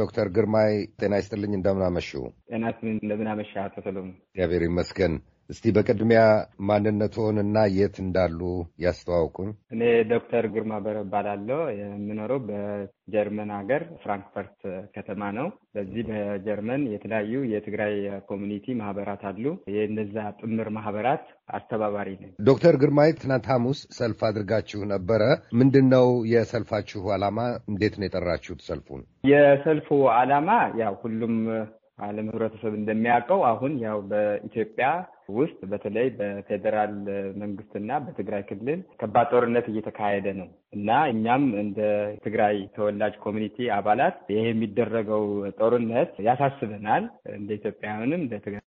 ዶክተር ግርማይ ጤና ይስጥልኝ እንደምናመሹ ጤና ይስጥልኝ እንደምናመሻ አቶ ሰሎሞን እግዚአብሔር ይመስገን እስቲ በቅድሚያ ማንነትዎን እና የት እንዳሉ ያስተዋውቁኝ። እኔ ዶክተር ግርማ በረ እባላለሁ። የምኖረው በጀርመን ሀገር ፍራንክፈርት ከተማ ነው። በዚህ በጀርመን የተለያዩ የትግራይ ኮሚኒቲ ማህበራት አሉ። የነዛ ጥምር ማህበራት አስተባባሪ ነኝ። ዶክተር ግርማይ ትናንት ሐሙስ ሰልፍ አድርጋችሁ ነበረ። ምንድን ነው የሰልፋችሁ ዓላማ? እንዴት ነው የጠራችሁት ሰልፉን? የሰልፉ ዓላማ ያው ሁሉም ዓለም ህብረተሰብ እንደሚያውቀው አሁን ያው በኢትዮጵያ ውስጥ በተለይ በፌዴራል መንግስትና በትግራይ ክልል ከባድ ጦርነት እየተካሄደ ነው እና እኛም እንደ ትግራይ ተወላጅ ኮሚኒቲ አባላት ይሄ የሚደረገው ጦርነት ያሳስበናል፣ እንደ ኢትዮጵያውያንም እንደ ትግራይ።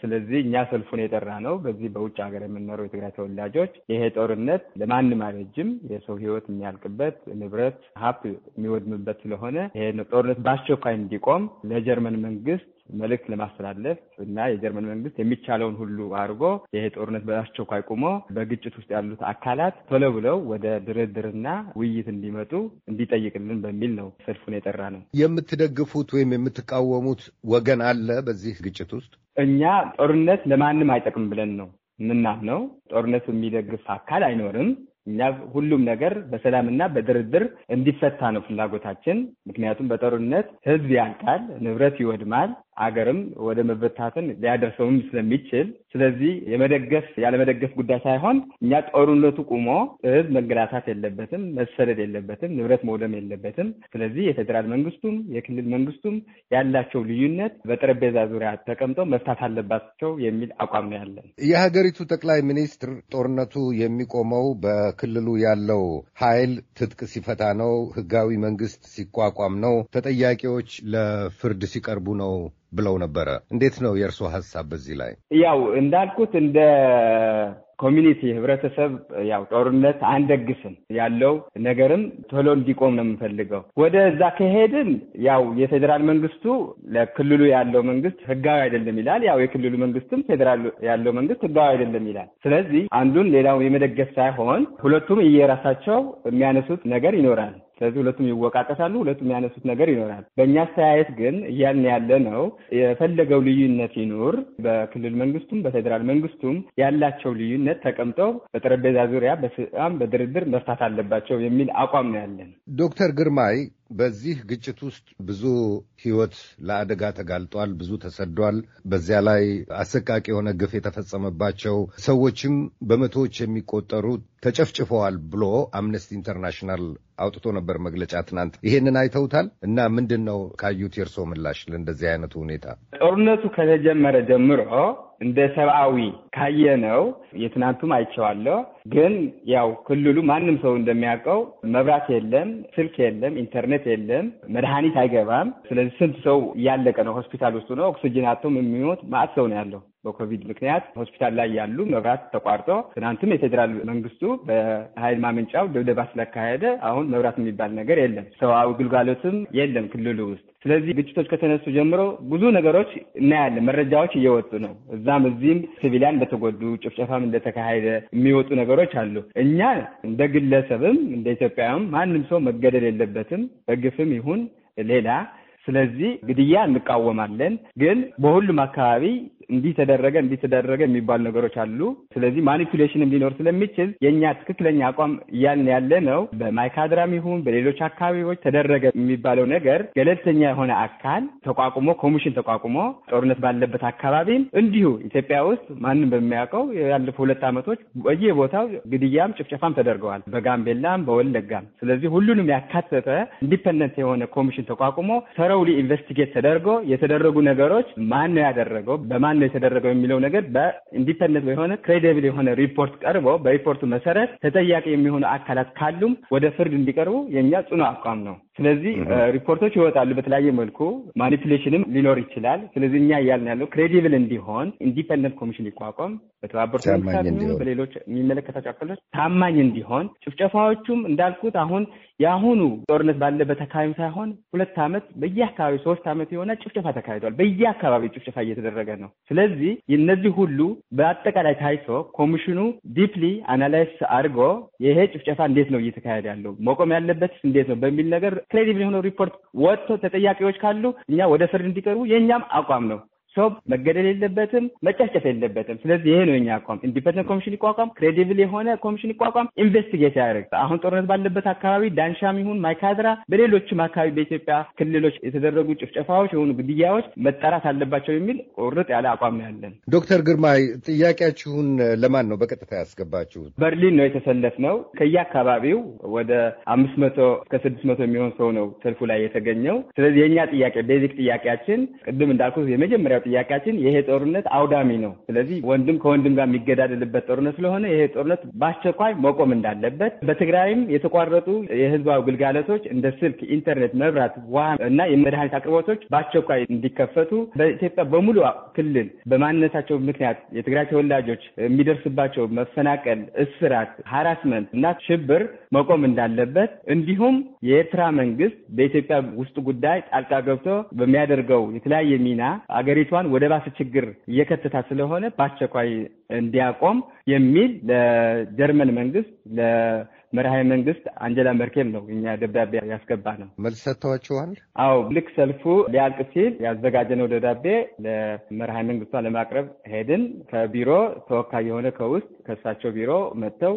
ስለዚህ እኛ ሰልፉን የጠራ ነው። በዚህ በውጭ ሀገር የምንኖሩ የትግራይ ተወላጆች ይሄ ጦርነት ለማንም አይበጅም፣ የሰው ሕይወት የሚያልቅበት ንብረት ሀብት የሚወድምበት ስለሆነ ይሄ ጦርነት በአስቸኳይ እንዲቆም ለጀርመን መንግስት መልእክት ለማስተላለፍ እና የጀርመን መንግስት የሚቻለውን ሁሉ አድርጎ ይሄ ጦርነት በአስቸኳይ ቁሞ በግጭት ውስጥ ያሉት አካላት ቶሎ ብለው ወደ ድርድርና ውይይት እንዲመጡ እንዲጠይቅልን በሚል ነው ሰልፉን የጠራ ነው። የምትደግፉት ወይም የምትቃወሙት ወገን አለ በዚህ ግጭት ውስጥ? እኛ ጦርነት ለማንም አይጠቅም ብለን ነው ምናምነው። ጦርነቱ የሚደግፍ አካል አይኖርም። እኛ ሁሉም ነገር በሰላምና በድርድር እንዲፈታ ነው ፍላጎታችን። ምክንያቱም በጦርነት ህዝብ ያልቃል፣ ንብረት ይወድማል፣ አገርም ወደ መበታተን ሊያደርሰውም ስለሚችል ስለዚህ የመደገፍ ያለመደገፍ ጉዳይ ሳይሆን እኛ ጦርነቱ ቁሞ ህዝብ መገላታት የለበትም፣ መሰደድ የለበትም፣ ንብረት መውደም የለበትም። ስለዚህ የፌዴራል መንግስቱም የክልል መንግስቱም ያላቸው ልዩነት በጠረጴዛ ዙሪያ ተቀምጠው መፍታት አለባቸው የሚል አቋም ነው ያለን። የሀገሪቱ ጠቅላይ ሚኒስትር ጦርነቱ የሚቆመው በክልሉ ያለው ኃይል ትጥቅ ሲፈታ ነው፣ ህጋዊ መንግስት ሲቋቋም ነው፣ ተጠያቂዎች ለፍርድ ሲቀርቡ ነው ብለው ነበረ። እንዴት ነው የእርስዎ ሀሳብ በዚህ ላይ? ያው እንዳልኩት እንደ ኮሚኒቲ ህብረተሰብ ያው ጦርነት አንደግስም ያለው ነገርም ቶሎ እንዲቆም ነው የምንፈልገው። ወደዛ ከሄድን ያው የፌዴራል መንግስቱ ለክልሉ ያለው መንግስት ህጋዊ አይደለም ይላል። ያው የክልሉ መንግስትም ፌዴራል ያለው መንግስት ህጋዊ አይደለም ይላል። ስለዚህ አንዱን ሌላው የመደገፍ ሳይሆን ሁለቱም እየራሳቸው የሚያነሱት ነገር ይኖራል። ስለዚህ ሁለቱም ይወቃቀሳሉ፣ ሁለቱም ያነሱት ነገር ይኖራል። በእኛ አስተያየት ግን እያልን ያለ ነው የፈለገው ልዩነት ይኑር፣ በክልል መንግስቱም በፌዴራል መንግስቱም ያላቸው ልዩነት ተቀምጠው በጠረጴዛ ዙሪያ በስም በድርድር መፍታት አለባቸው የሚል አቋም ነው ያለን። ዶክተር ግርማይ በዚህ ግጭት ውስጥ ብዙ ሕይወት ለአደጋ ተጋልጧል። ብዙ ተሰዷል። በዚያ ላይ አሰቃቂ የሆነ ግፍ የተፈጸመባቸው ሰዎችም በመቶዎች የሚቆጠሩ ተጨፍጭፈዋል ብሎ አምነስቲ ኢንተርናሽናል አውጥቶ ነበር መግለጫ ትናንት። ይሄንን አይተውታል እና ምንድን ነው ካዩት የእርሶ ምላሽ ለእንደዚህ አይነቱ ሁኔታ? ጦርነቱ ከተጀመረ ጀምሮ እንደ ሰብአዊ ነው የትናንቱም አይቼዋለሁ። ግን ያው ክልሉ ማንም ሰው እንደሚያውቀው መብራት የለም፣ ስልክ የለም፣ ኢንተርኔት የለም፣ መድኃኒት አይገባም። ስለዚህ ስንት ሰው እያለቀ ነው። ሆስፒታል ውስጡ ነው ኦክስጅን አቶም የሚሞት ማአት ሰው ነው ያለው። በኮቪድ ምክንያት ሆስፒታል ላይ ያሉ መብራት ተቋርጦ፣ ትናንትም የፌዴራል መንግስቱ በኃይል ማመንጫው ድብደባ ስለካሄደ አሁን መብራት የሚባል ነገር የለም። ሰብአዊ ግልጋሎትም የለም ክልሉ ውስጥ። ስለዚህ ግጭቶች ከተነሱ ጀምሮ ብዙ ነገሮች እናያለን። መረጃዎች እየወጡ ነው። እዛም እዚህም ሲቪሊያን እንደተጎዱ ጭፍጨፋም እንደተካሄደ የሚወጡ ነገሮች አሉ። እኛ እንደ ግለሰብም እንደ ኢትዮጵያም ማንም ሰው መገደል የለበትም በግፍም ይሁን ሌላ ስለዚህ ግድያ እንቃወማለን። ግን በሁሉም አካባቢ እንዲህ ተደረገ እንዲህ ተደረገ የሚባሉ ነገሮች አሉ። ስለዚህ ማኒፑሌሽንም ሊኖር ስለሚችል የእኛ ትክክለኛ አቋም እያልን ያለ ነው። በማይካድራም ይሁን በሌሎች አካባቢዎች ተደረገ የሚባለው ነገር ገለልተኛ የሆነ አካል ተቋቁሞ ኮሚሽን ተቋቁሞ ጦርነት ባለበት አካባቢም እንዲሁ ኢትዮጵያ ውስጥ ማንም በሚያውቀው ያለፉ ሁለት ዓመቶች በየቦታው ግድያም ጭፍጨፋም ተደርገዋል፣ በጋምቤላም በወለጋም። ስለዚህ ሁሉንም ያካተተ ኢንዲፐንደንት የሆነ ኮሚሽን ተቋቁሞ ተሮውሊ ኢንቨስቲጌት ተደርጎ የተደረጉ ነገሮች ማን ነው ያደረገው፣ በማን ነው የተደረገው የሚለው ነገር በኢንዲፐንደንት የሆነ ክሬዲብል የሆነ ሪፖርት ቀርቦ በሪፖርቱ መሰረት ተጠያቂ የሚሆኑ አካላት ካሉም ወደ ፍርድ እንዲቀርቡ የእኛ ጽኑ አቋም ነው። ስለዚህ ሪፖርቶች ይወጣሉ በተለያየ መልኩ ማኒፕሌሽንም ሊኖር ይችላል። ስለዚህ እኛ እያልን ያለው ክሬዲብል እንዲሆን ኢንዲፐንደንት ኮሚሽን ሊቋቋም በተባበሩት መንግስታት በሌሎች የሚመለከታቸው አካሎች ታማኝ እንዲሆን ጭፍጨፋዎቹም እንዳልኩት አሁን የአሁኑ ጦርነት ባለበት አካባቢ ሳይሆን ሁለት ዓመት በየአካባቢ ሶስት ዓመት የሆነ ጭፍጨፋ ተካሂዷል። በየአካባቢ ጭፍጨፋ እየተደረገ ነው። ስለዚህ እነዚህ ሁሉ በአጠቃላይ ታይቶ ኮሚሽኑ ዲፕሊ አናላይስ አድርጎ ይሄ ጭፍጨፋ እንዴት ነው እየተካሄደ ያለው መቆም ያለበት እንዴት ነው በሚል ነገር ክሬዲብል የሆነ ሪፖርት ወጥቶ ተጠያቂዎች ካሉ እኛ ወደ ፍርድ እንዲቀርቡ የእኛም አቋም ነው። ሰው መገደል የለበትም፣ መጨፍጨፍ የለበትም። ስለዚህ ይሄ ነው የኛ አቋም። ኢንዲፐንደንት ኮሚሽን ይቋቋም፣ ክሬዲብል የሆነ ኮሚሽን ይቋቋም፣ ኢንቨስቲጌት ያደርግ። አሁን ጦርነት ባለበት አካባቢ ዳንሻም ይሁን ማይካድራ፣ በሌሎችም አካባቢ በኢትዮጵያ ክልሎች የተደረጉ ጭፍጨፋዎች የሆኑ ግድያዎች መጠራት አለባቸው የሚል ቁርጥ ያለ አቋም ያለን። ዶክተር ግርማይ ጥያቄያችሁን ለማን ነው በቀጥታ ያስገባችሁት? በርሊን ነው የተሰለፍ ነው። ከየአካባቢው ወደ አምስት መቶ እስከ ስድስት መቶ የሚሆን ሰው ነው ሰልፉ ላይ የተገኘው። ስለዚህ የእኛ ጥያቄ ቤዚክ ጥያቄያችን ቅድም እንዳልኩት የመጀመሪያ ጥያቄያችን ይሄ ጦርነት አውዳሚ ነው። ስለዚህ ወንድም ከወንድም ጋር የሚገዳደልበት ጦርነት ስለሆነ ይሄ ጦርነት በአስቸኳይ መቆም እንዳለበት፣ በትግራይም የተቋረጡ የህዝባዊ ግልጋሎቶች እንደ ስልክ፣ ኢንተርኔት፣ መብራት፣ ውሃ እና የመድኃኒት አቅርቦቶች በአስቸኳይ እንዲከፈቱ በኢትዮጵያ በሙሉ ክልል በማንነታቸው ምክንያት የትግራይ ተወላጆች የሚደርስባቸው መፈናቀል፣ እስራት፣ ሀራስመንት እና ሽብር መቆም እንዳለበት እንዲሁም የኤርትራ መንግስት በኢትዮጵያ ውስጥ ጉዳይ ጣልቃ ገብቶ በሚያደርገው የተለያየ ሚና አገሪቱ ሀገሪቷን ወደ ባሰ ችግር እየከተታ ስለሆነ በአስቸኳይ እንዲያቆም የሚል ለጀርመን መንግስት መርሃዊ መንግስት አንጀላ መርኬል ነው እኛ ደብዳቤ ያስገባ ነው። መልስ ሰጥተዋችኋል? አዎ ልክ ሰልፉ ሊያልቅ ሲል ያዘጋጀነው ደብዳቤ ለመርሃዊ መንግስቷን ለማቅረብ ሄድን። ከቢሮ ተወካይ የሆነ ከውስጥ ከእሳቸው ቢሮ መጥተው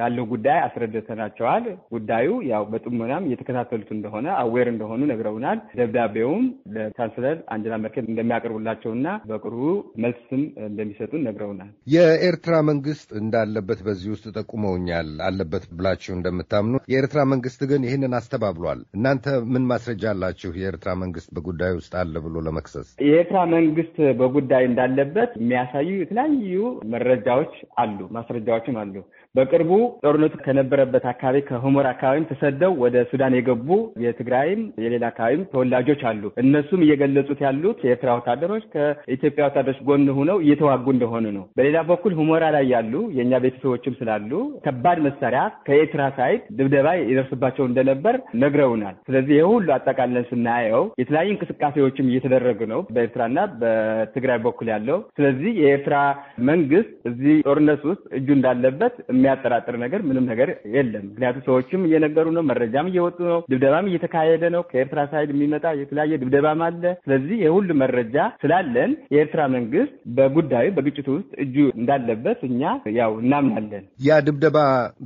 ያለው ጉዳይ አስረድተናቸዋል። ጉዳዩ ያው በጥሞናም እየተከታተሉት እንደሆነ አዌር እንደሆኑ ነግረውናል። ደብዳቤውም ለቻንስለር አንጀላ መርከል እንደሚያቀርቡላቸውና በቅርቡ መልስም እንደሚሰጡን ነግረውናል። የኤርትራ መንግስት እንዳለበት በዚህ ውስጥ ጠቁመውኛል። አለበት ብላችሁ እንደምታምኑ የኤርትራ መንግስት ግን ይህንን አስተባብሏል። እናንተ ምን ማስረጃ አላችሁ? የኤርትራ መንግስት በጉዳዩ ውስጥ አለ ብሎ ለመክሰስ የኤርትራ መንግስት በጉዳዩ እንዳለበት የሚያሳዩ የተለያዩ መረጃዎች አሉ፣ ማስረጃዎችም አሉ። በቅርቡ ጦርነቱ ከነበረበት አካባቢ ከሁመራ አካባቢም ተሰደው ወደ ሱዳን የገቡ የትግራይም የሌላ አካባቢም ተወላጆች አሉ። እነሱም እየገለጹት ያሉት የኤርትራ ወታደሮች ከኢትዮጵያ ወታደሮች ጎን ሆነው እየተዋጉ እንደሆኑ ነው። በሌላ በኩል ሁመራ ላይ ያሉ የእኛ ቤተሰቦችም ስላሉ ከባድ መሳሪያ ከኤርትራ ሳይድ ድብደባ ይደርስባቸው እንደነበር ነግረውናል። ስለዚህ ይህ ሁሉ አጠቃለን ስናየው የተለያዩ እንቅስቃሴዎችም እየተደረጉ ነው በኤርትራና በትግራይ በኩል ያለው። ስለዚህ የኤርትራ መንግስት እዚህ ጦርነት ውስጥ እጁ እንዳለበት የሚያጠራጥ የሚያጠራጥር ነገር ምንም ነገር የለም። ምክንያቱም ሰዎችም እየነገሩ ነው፣ መረጃም እየወጡ ነው፣ ድብደባም እየተካሄደ ነው። ከኤርትራ ሳይድ የሚመጣ የተለያየ ድብደባም አለ። ስለዚህ የሁሉ መረጃ ስላለን የኤርትራ መንግስት በጉዳዩ በግጭቱ ውስጥ እጁ እንዳለበት እኛ ያው እናምናለን። ያ ድብደባ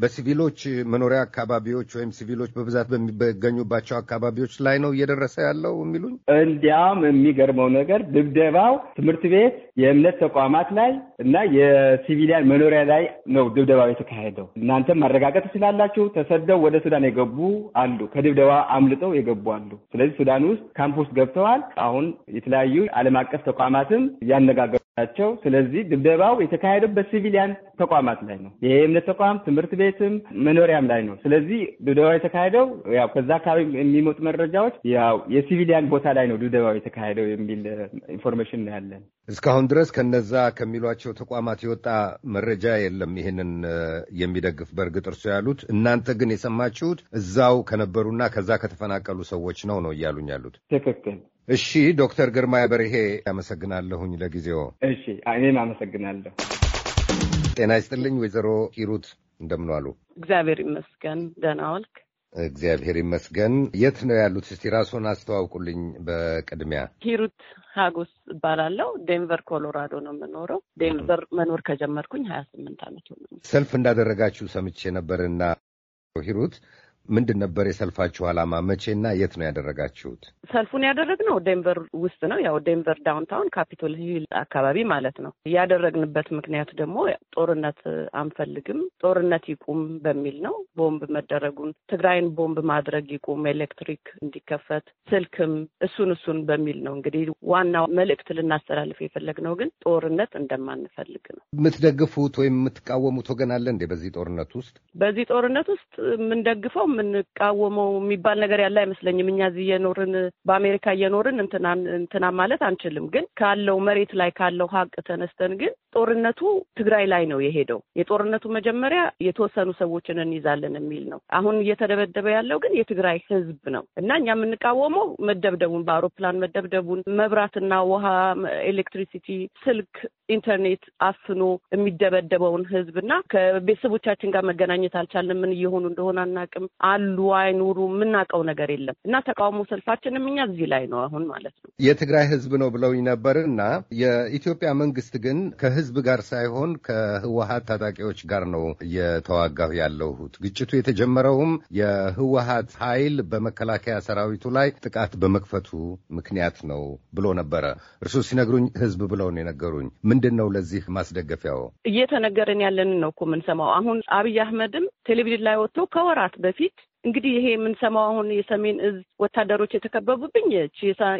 በሲቪሎች መኖሪያ አካባቢዎች ወይም ሲቪሎች በብዛት በሚገኙባቸው አካባቢዎች ላይ ነው እየደረሰ ያለው የሚሉኝ። እንዲያውም የሚገርመው ነገር ድብደባው ትምህርት ቤት፣ የእምነት ተቋማት ላይ እና የሲቪሊያን መኖሪያ ላይ ነው ድብደባው የተካሄደው። እናንተም ማረጋገጥ ትችላላችሁ። ተሰደው ወደ ሱዳን የገቡ አሉ፣ ከድብደባ አምልጠው የገቡ አሉ። ስለዚህ ሱዳን ውስጥ ካምፕ ውስጥ ገብተዋል። አሁን የተለያዩ ዓለም አቀፍ ተቋማትም እያነጋገራቸው። ስለዚህ ድብደባው የተካሄደው በሲቪሊያን ተቋማት ላይ ነው። የእምነት ተቋም፣ ትምህርት ቤትም መኖሪያም ላይ ነው። ስለዚህ ድብደባው የተካሄደው ያው ከዛ አካባቢ የሚመጡ መረጃዎች ያው የሲቪሊያን ቦታ ላይ ነው ድብደባው የተካሄደው የሚል ኢንፎርሜሽን ነው ያለን። እስካሁን ድረስ ከነዛ ከሚሏቸው ተቋማት የወጣ መረጃ የለም ይህንን የሚደግፍ። በእርግጥ እርሶ ያሉት እናንተ ግን የሰማችሁት እዛው ከነበሩና ከዛ ከተፈናቀሉ ሰዎች ነው ነው እያሉኝ ያሉት። ትክክል። እሺ ዶክተር ግርማ በርሄ ያመሰግናለሁኝ ለጊዜው። እሺ እኔም አመሰግናለሁ። ጤና ይስጥልኝ። ወይዘሮ ሂሩት እንደምን ዋሉ? እግዚአብሔር ይመስገን ደህና ዋልክ? እግዚአብሔር ይመስገን። የት ነው ያሉት? እስቲ ራስዎን አስተዋውቁልኝ በቅድሚያ። ሂሩት ሀጎስ እባላለሁ። ዴንቨር ኮሎራዶ ነው የምኖረው። ዴንቨር መኖር ከጀመርኩኝ ሀያ ስምንት ዓመት ሆነ። ሰልፍ እንዳደረጋችሁ ሰምቼ ነበርና ሂሩት ምንድን ነበር የሰልፋችሁ ዓላማ? መቼና የት ነው ያደረጋችሁት? ሰልፉን ያደረግነው ዴንቨር ውስጥ ነው። ያው ዴንቨር ዳውንታውን ካፒቶል ሂል አካባቢ ማለት ነው። ያደረግንበት ምክንያት ደግሞ ጦርነት አንፈልግም፣ ጦርነት ይቁም በሚል ነው። ቦምብ መደረጉን ትግራይን ቦምብ ማድረግ ይቁም፣ ኤሌክትሪክ እንዲከፈት ስልክም፣ እሱን እሱን በሚል ነው እንግዲህ ዋናው መልእክት ልናስተላልፍ የፈለግነው ግን ጦርነት እንደማንፈልግ ነው። የምትደግፉት ወይም የምትቃወሙት ወገን አለ እንዴ? በዚህ ጦርነት ውስጥ በዚህ ጦርነት ውስጥ የምንደግፈው የምንቃወመው የሚባል ነገር ያለ አይመስለኝም። እኛ እዚህ እየኖርን በአሜሪካ እየኖርን እንትናን እንትና ማለት አንችልም። ግን ካለው መሬት ላይ ካለው ሀቅ ተነስተን ግን ጦርነቱ ትግራይ ላይ ነው የሄደው። የጦርነቱ መጀመሪያ የተወሰኑ ሰዎችን እንይዛለን የሚል ነው። አሁን እየተደበደበ ያለው ግን የትግራይ ህዝብ ነው እና እኛ የምንቃወመው መደብደቡን፣ በአውሮፕላን መደብደቡን፣ መብራትና ውሃ፣ ኤሌክትሪሲቲ፣ ስልክ፣ ኢንተርኔት አፍኖ የሚደበደበውን ህዝብ እና ከቤተሰቦቻችን ጋር መገናኘት አልቻለን ምን እየሆኑ እንደሆነ አናውቅም። አሉ አይኑሩ የምናውቀው ነገር የለም እና ተቃውሞ ሰልፋችንም እኛ እዚህ ላይ ነው አሁን ማለት ነው። የትግራይ ህዝብ ነው ብለውኝ ነበር እና የኢትዮጵያ መንግስት ግን ከህዝብ ጋር ሳይሆን ከህወሀት ታጣቂዎች ጋር ነው እየተዋጋሁ ያለሁት። ግጭቱ የተጀመረውም የህወሀት ኃይል በመከላከያ ሰራዊቱ ላይ ጥቃት በመክፈቱ ምክንያት ነው ብሎ ነበረ። እርሱ ሲነግሩኝ ህዝብ ብለውን የነገሩኝ። ምንድን ነው ለዚህ ማስደገፊያው? እየተነገረን ያለንን ነው እኮ የምንሰማው። አሁን አብይ አህመድም ቴሌቪዥን ላይ ወጥቶ ከወራት በፊት እንግዲህ ይሄ የምንሰማው አሁን የሰሜን እዝ ወታደሮች የተከበቡብኝ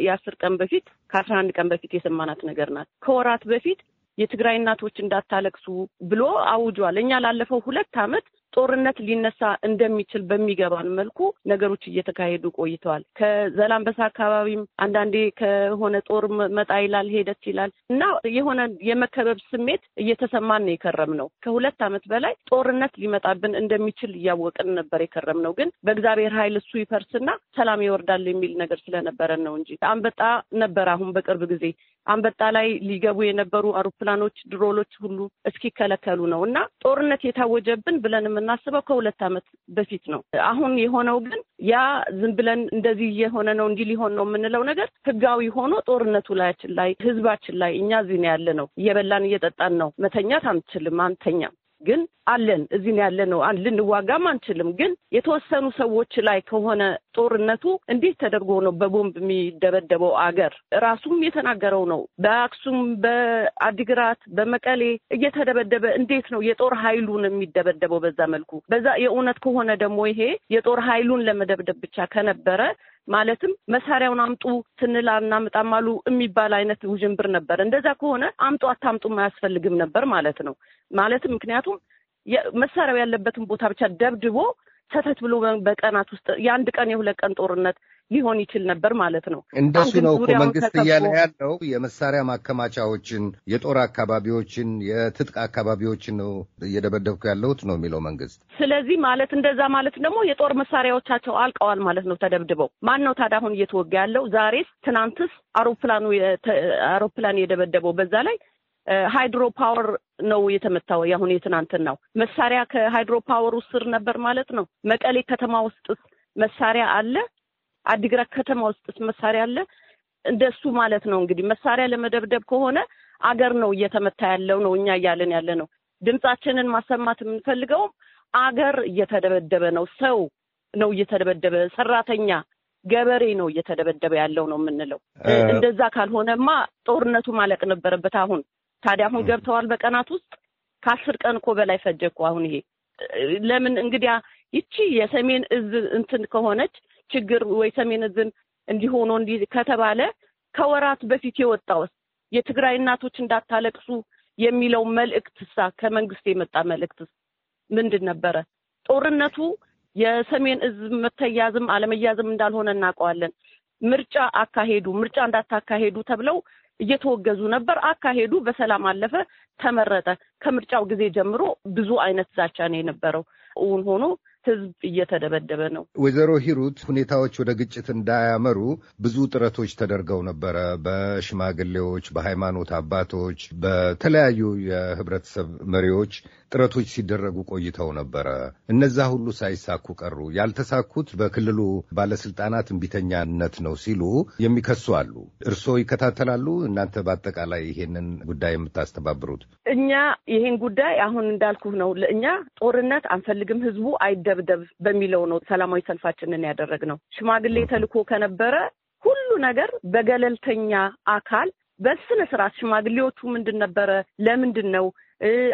የአስር ቀን በፊት ከአስራ አንድ ቀን በፊት የሰማናት ነገር ናት። ከወራት በፊት የትግራይ እናቶች እንዳታለቅሱ ብሎ አውጇል። እኛ ላለፈው ሁለት ዓመት ጦርነት ሊነሳ እንደሚችል በሚገባን መልኩ ነገሮች እየተካሄዱ ቆይተዋል። ከዘላንበሳ አካባቢም አንዳንዴ ከሆነ ጦር መጣ ይላል ሄደት ይላል እና የሆነ የመከበብ ስሜት እየተሰማን ነው የከረም ነው። ከሁለት ዓመት በላይ ጦርነት ሊመጣብን እንደሚችል እያወቅን ነበር የከረም ነው። ግን በእግዚአብሔር ኃይል እሱ ይፈርስና ሰላም ይወርዳል የሚል ነገር ስለነበረን ነው እንጂ አንበጣ ነበር አሁን በቅርብ ጊዜ አንበጣ ላይ ሊገቡ የነበሩ አውሮፕላኖች፣ ድሮሎች ሁሉ እስኪከለከሉ ነው እና ጦርነት የታወጀብን ብለን የምናስበው ከሁለት ዓመት በፊት ነው። አሁን የሆነው ግን ያ ዝም ብለን እንደዚህ እየሆነ ነው እንዲህ ሊሆን ነው የምንለው ነገር ህጋዊ ሆኖ ጦርነቱ ላያችን ላይ ህዝባችን ላይ እኛ እዚህ ነው ያለ ነው እየበላን እየጠጣን ነው መተኛት አንችልም አንተኛም ግን አለን እዚህ ያለ ነው። ልንዋጋም አንችልም። ግን የተወሰኑ ሰዎች ላይ ከሆነ ጦርነቱ እንዴት ተደርጎ ነው በቦምብ የሚደበደበው? አገር ራሱም የተናገረው ነው። በአክሱም፣ በአዲግራት፣ በመቀሌ እየተደበደበ እንዴት ነው የጦር ኃይሉን የሚደበደበው? በዛ መልኩ በዛ የእውነት ከሆነ ደግሞ ይሄ የጦር ኃይሉን ለመደብደብ ብቻ ከነበረ ማለትም መሳሪያውን አምጡ ስንል አናምጣም አሉ የሚባል አይነት ውዥንብር ነበር። እንደዛ ከሆነ አምጡ አታምጡም አያስፈልግም ነበር ማለት ነው። ማለትም ምክንያቱም መሳሪያው ያለበትን ቦታ ብቻ ደብድቦ ሰተት ብሎ በቀናት ውስጥ የአንድ ቀን የሁለት ቀን ጦርነት ሊሆን ይችል ነበር ማለት ነው። እንደሱ ነው እኮ መንግስት እያለ ያለው የመሳሪያ ማከማቻዎችን፣ የጦር አካባቢዎችን፣ የትጥቅ አካባቢዎችን ነው እየደበደብኩ ያለሁት ነው የሚለው መንግስት። ስለዚህ ማለት እንደዛ ማለት ደግሞ የጦር መሳሪያዎቻቸው አልቀዋል ማለት ነው ተደብድበው። ማን ነው ታዲያ አሁን እየተወጋ ያለው? ዛሬስ ትናንትስ አውሮፕላኑ አውሮፕላን የደበደበው በዛ ላይ ሃይድሮ ፓወር ነው የተመታው። ያሁን የትናንትናው መሳሪያ ከሃይድሮ ፓወሩ ስር ነበር ማለት ነው። መቀሌ ከተማ ውስጥስ መሳሪያ አለ። አዲግራት ከተማ ውስጥስ መሳሪያ አለ። እንደሱ ማለት ነው እንግዲህ መሳሪያ ለመደብደብ ከሆነ አገር ነው እየተመታ ያለው ነው እኛ እያለን ያለ ነው። ድምጻችንን ማሰማት የምንፈልገውም አገር እየተደበደበ ነው። ሰው ነው እየተደበደበ፣ ሰራተኛ ገበሬ ነው እየተደበደበ ያለው ነው የምንለው። እንደዛ ካልሆነማ ጦርነቱ ማለቅ ነበረበት አሁን ታዲያ አሁን ገብተዋል በቀናት ውስጥ ከአስር ቀን እኮ በላይ ፈጀ እኮ አሁን ይሄ ለምን እንግዲያ ይቺ የሰሜን እዝ እንትን ከሆነች ችግር ወይ ሰሜን እዝን እንዲሆኖ እንዲህ ከተባለ ከወራት በፊት የወጣውስ የትግራይ እናቶች እንዳታለቅሱ የሚለው መልእክት ሳ ከመንግስት የመጣ መልእክት ምንድን ነበረ? ጦርነቱ የሰሜን እዝ መተያዝም አለመያዝም እንዳልሆነ እናውቀዋለን። ምርጫ አካሄዱ ምርጫ እንዳታካሄዱ ተብለው እየተወገዙ ነበር። አካሄዱ በሰላም አለፈ፣ ተመረጠ። ከምርጫው ጊዜ ጀምሮ ብዙ አይነት ዛቻ ነው የነበረው እውን ሆኖ ህዝብ እየተደበደበ ነው። ወይዘሮ ሂሩት ሁኔታዎች ወደ ግጭት እንዳያመሩ ብዙ ጥረቶች ተደርገው ነበረ። በሽማግሌዎች፣ በሃይማኖት አባቶች፣ በተለያዩ የህብረተሰብ መሪዎች ጥረቶች ሲደረጉ ቆይተው ነበረ። እነዛ ሁሉ ሳይሳኩ ቀሩ። ያልተሳኩት በክልሉ ባለስልጣናት እምቢተኛነት ነው ሲሉ የሚከሱ አሉ። እርስዎ ይከታተላሉ? እናንተ በአጠቃላይ ይሄንን ጉዳይ የምታስተባብሩት? እኛ ይሄን ጉዳይ አሁን እንዳልኩህ ነው። ለእኛ ጦርነት አንፈልግም። ህዝቡ አይደ ይደብደብ በሚለው ነው ሰላማዊ ሰልፋችንን ያደረግነው። ሽማግሌ ተልኮ ከነበረ ሁሉ ነገር በገለልተኛ አካል በስነ ስርዓት ሽማግሌዎቹ ምንድን ነበረ? ለምንድን ነው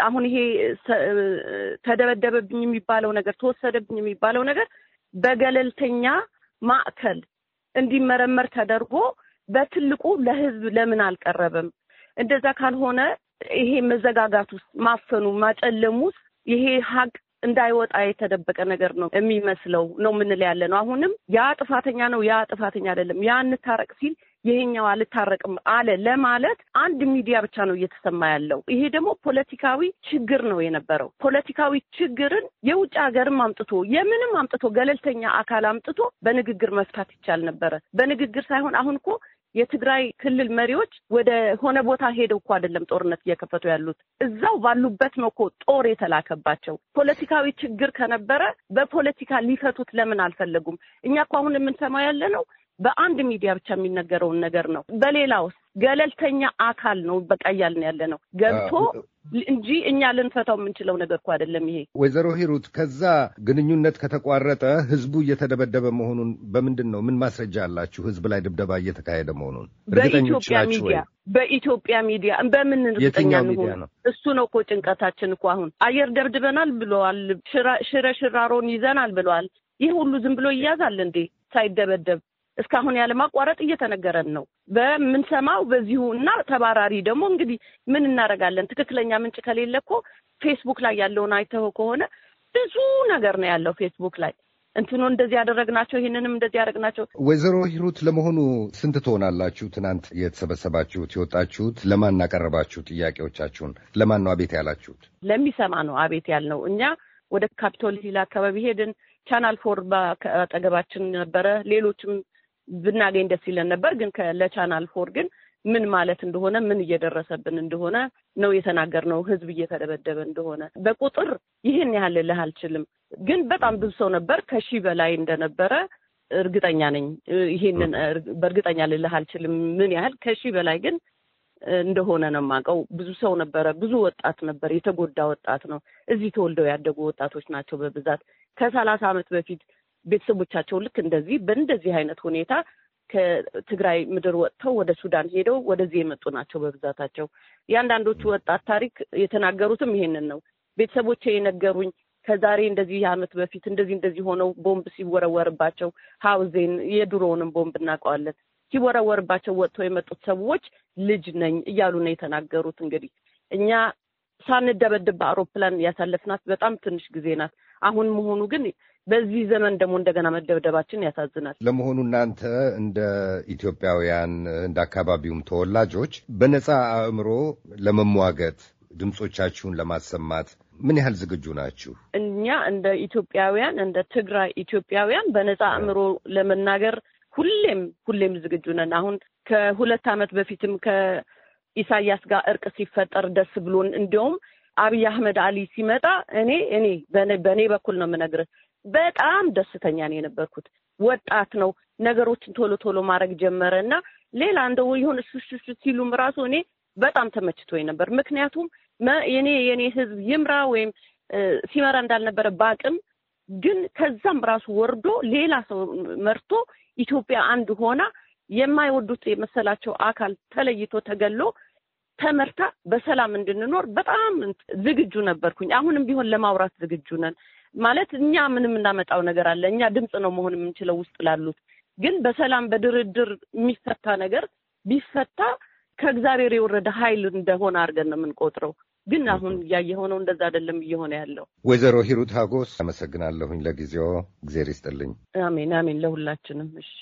አሁን ይሄ ተደበደበብኝ የሚባለው ነገር ተወሰደብኝ የሚባለው ነገር በገለልተኛ ማዕከል እንዲመረመር ተደርጎ በትልቁ ለህዝብ ለምን አልቀረበም? እንደዛ ካልሆነ ይሄ መዘጋጋት ውስጥ ማፈኑ ማጨለሙ ውስጥ ይሄ ሀቅ እንዳይወጣ የተደበቀ ነገር ነው የሚመስለው ነው ምንል ያለ ነው። አሁንም ያ ጥፋተኛ ነው፣ ያ ጥፋተኛ አይደለም፣ ያ እንታረቅ ሲል ይሄኛው አልታረቅም አለ ለማለት አንድ ሚዲያ ብቻ ነው እየተሰማ ያለው። ይሄ ደግሞ ፖለቲካዊ ችግር ነው የነበረው። ፖለቲካዊ ችግርን የውጭ ሀገርም አምጥቶ የምንም አምጥቶ ገለልተኛ አካል አምጥቶ በንግግር መፍታት ይቻል ነበረ። በንግግር ሳይሆን አሁን እኮ የትግራይ ክልል መሪዎች ወደ ሆነ ቦታ ሄደው እኮ አይደለም ጦርነት እየከፈቱ ያሉት፣ እዛው ባሉበት ነው እኮ ጦር የተላከባቸው። ፖለቲካዊ ችግር ከነበረ በፖለቲካ ሊፈቱት ለምን አልፈለጉም? እኛ እኮ አሁን የምንሰማው ያለ ነው በአንድ ሚዲያ ብቻ የሚነገረውን ነገር ነው። ውስጥ ገለልተኛ አካል ነው በቃ እያልን ያለ ነው ገብቶ እንጂ እኛ ልንፈታው የምንችለው ነገር እኮ አይደለም ይሄ። ወይዘሮ ሂሩት ከዛ ግንኙነት ከተቋረጠ ህዝቡ እየተደበደበ መሆኑን በምንድን ነው ምን ማስረጃ አላችሁ? ህዝብ ላይ ድብደባ እየተካሄደ መሆኑን በኢትዮጵያ ሚዲያ በኢትዮጵያ ሚዲያ በምን እርግጠኛ ነው? እሱ ነው እኮ ጭንቀታችን እኮ አሁን አየር ደብድበናል ብለዋል፣ ሽረ ሽራሮን ይዘናል ብለዋል። ይህ ሁሉ ዝም ብሎ ይያዛል እንዴ? ሳይደበደብ እስካሁን ያለማቋረጥ እየተነገረን ነው በምንሰማው በዚሁ እና ተባራሪ ደግሞ እንግዲህ ምን እናደርጋለን? ትክክለኛ ምንጭ ከሌለ እኮ ፌስቡክ ላይ ያለውን አይተው ከሆነ ብዙ ነገር ነው ያለው ፌስቡክ ላይ እንትኑ እንደዚህ ያደረግናቸው ይህንንም እንደዚህ ያደረግናቸው። ወይዘሮ ሂሩት ለመሆኑ ስንት ትሆናላችሁ? ትናንት የተሰበሰባችሁት የወጣችሁት ለማን አቀረባችሁ? ጥያቄዎቻችሁን ለማን ነው አቤት ያላችሁት? ለሚሰማ ነው አቤት ያልነው እኛ። ወደ ካፒቶል ሂል አካባቢ ሄድን። ቻናል ፎር በአጠገባችን ነበረ። ሌሎችም ብናገኝ ደስ ይለን ነበር። ግን ለቻናል ፎር ግን ምን ማለት እንደሆነ ምን እየደረሰብን እንደሆነ ነው የተናገርነው። ህዝብ እየተደበደበ እንደሆነ በቁጥር ይህን ያህል ልህ አልችልም፣ ግን በጣም ብዙ ሰው ነበር ከሺህ በላይ እንደነበረ እርግጠኛ ነኝ። ይህንን በእርግጠኛ ልልህ አልችልም ምን ያህል ከሺህ በላይ ግን እንደሆነ ነው የማውቀው። ብዙ ሰው ነበረ፣ ብዙ ወጣት ነበር፣ የተጎዳ ወጣት ነው። እዚህ ተወልደው ያደጉ ወጣቶች ናቸው በብዛት ከሰላሳ ዓመት በፊት ቤተሰቦቻቸው ልክ እንደዚህ በእንደዚህ አይነት ሁኔታ ከትግራይ ምድር ወጥተው ወደ ሱዳን ሄደው ወደዚህ የመጡ ናቸው በብዛታቸው። የአንዳንዶቹ ወጣት ታሪክ የተናገሩትም ይሄንን ነው። ቤተሰቦቼ የነገሩኝ ከዛሬ እንደዚህ ዓመት በፊት እንደዚህ እንደዚህ ሆነው ቦምብ ሲወረወርባቸው ሀውዜን የድሮውንም ቦምብ እናውቀዋለን ሲወረወርባቸው ወጥተው የመጡት ሰዎች ልጅ ነኝ እያሉ ነው የተናገሩት። እንግዲህ እኛ ሳንደበድብ በአውሮፕላን ያሳለፍናት በጣም ትንሽ ጊዜ ናት። አሁን መሆኑ ግን በዚህ ዘመን ደግሞ እንደገና መደብደባችን ያሳዝናል። ለመሆኑ እናንተ እንደ ኢትዮጵያውያን እንደ አካባቢውም ተወላጆች በነፃ አእምሮ ለመሟገት ድምፆቻችሁን ለማሰማት ምን ያህል ዝግጁ ናችሁ? እኛ እንደ ኢትዮጵያውያን እንደ ትግራይ ኢትዮጵያውያን በነፃ አእምሮ ለመናገር ሁሌም ሁሌም ዝግጁ ነን። አሁን ከሁለት ዓመት በፊትም ከኢሳያስ ጋር እርቅ ሲፈጠር ደስ ብሎን እንዲያውም አብይ አህመድ አሊ ሲመጣ እኔ እኔ በእኔ በኩል ነው የምነግርህ በጣም ደስተኛ ነው የነበርኩት። ወጣት ነው፣ ነገሮችን ቶሎ ቶሎ ማድረግ ጀመረ እና ሌላ እንደው የሆነ ሹሹሹ ሲሉም ራሱ እኔ በጣም ተመችቶኝ ነበር። ምክንያቱም የኔ የኔ ህዝብ ይምራ ወይም ሲመራ እንዳልነበረ በአቅም ግን ከዛም ራሱ ወርዶ ሌላ ሰው መርቶ ኢትዮጵያ አንድ ሆና የማይወዱት የመሰላቸው አካል ተለይቶ ተገሎ ተመርታ በሰላም እንድንኖር በጣም ዝግጁ ነበርኩኝ። አሁንም ቢሆን ለማውራት ዝግጁ ነን። ማለት እኛ ምንም እናመጣው ነገር አለ እኛ ድምፅ ነው መሆን የምንችለው ውስጥ ላሉት ግን በሰላም በድርድር የሚፈታ ነገር ቢፈታ ከእግዚአብሔር የወረደ ኃይል እንደሆነ አድርገን ነው የምንቆጥረው። ግን አሁን እያየሆነው እንደዛ አይደለም እየሆነ ያለው። ወይዘሮ ሂሩት ሀጎስ አመሰግናለሁኝ። ለጊዜው እግዜር ይስጥልኝ። አሜን አሜን፣ ለሁላችንም እሺ።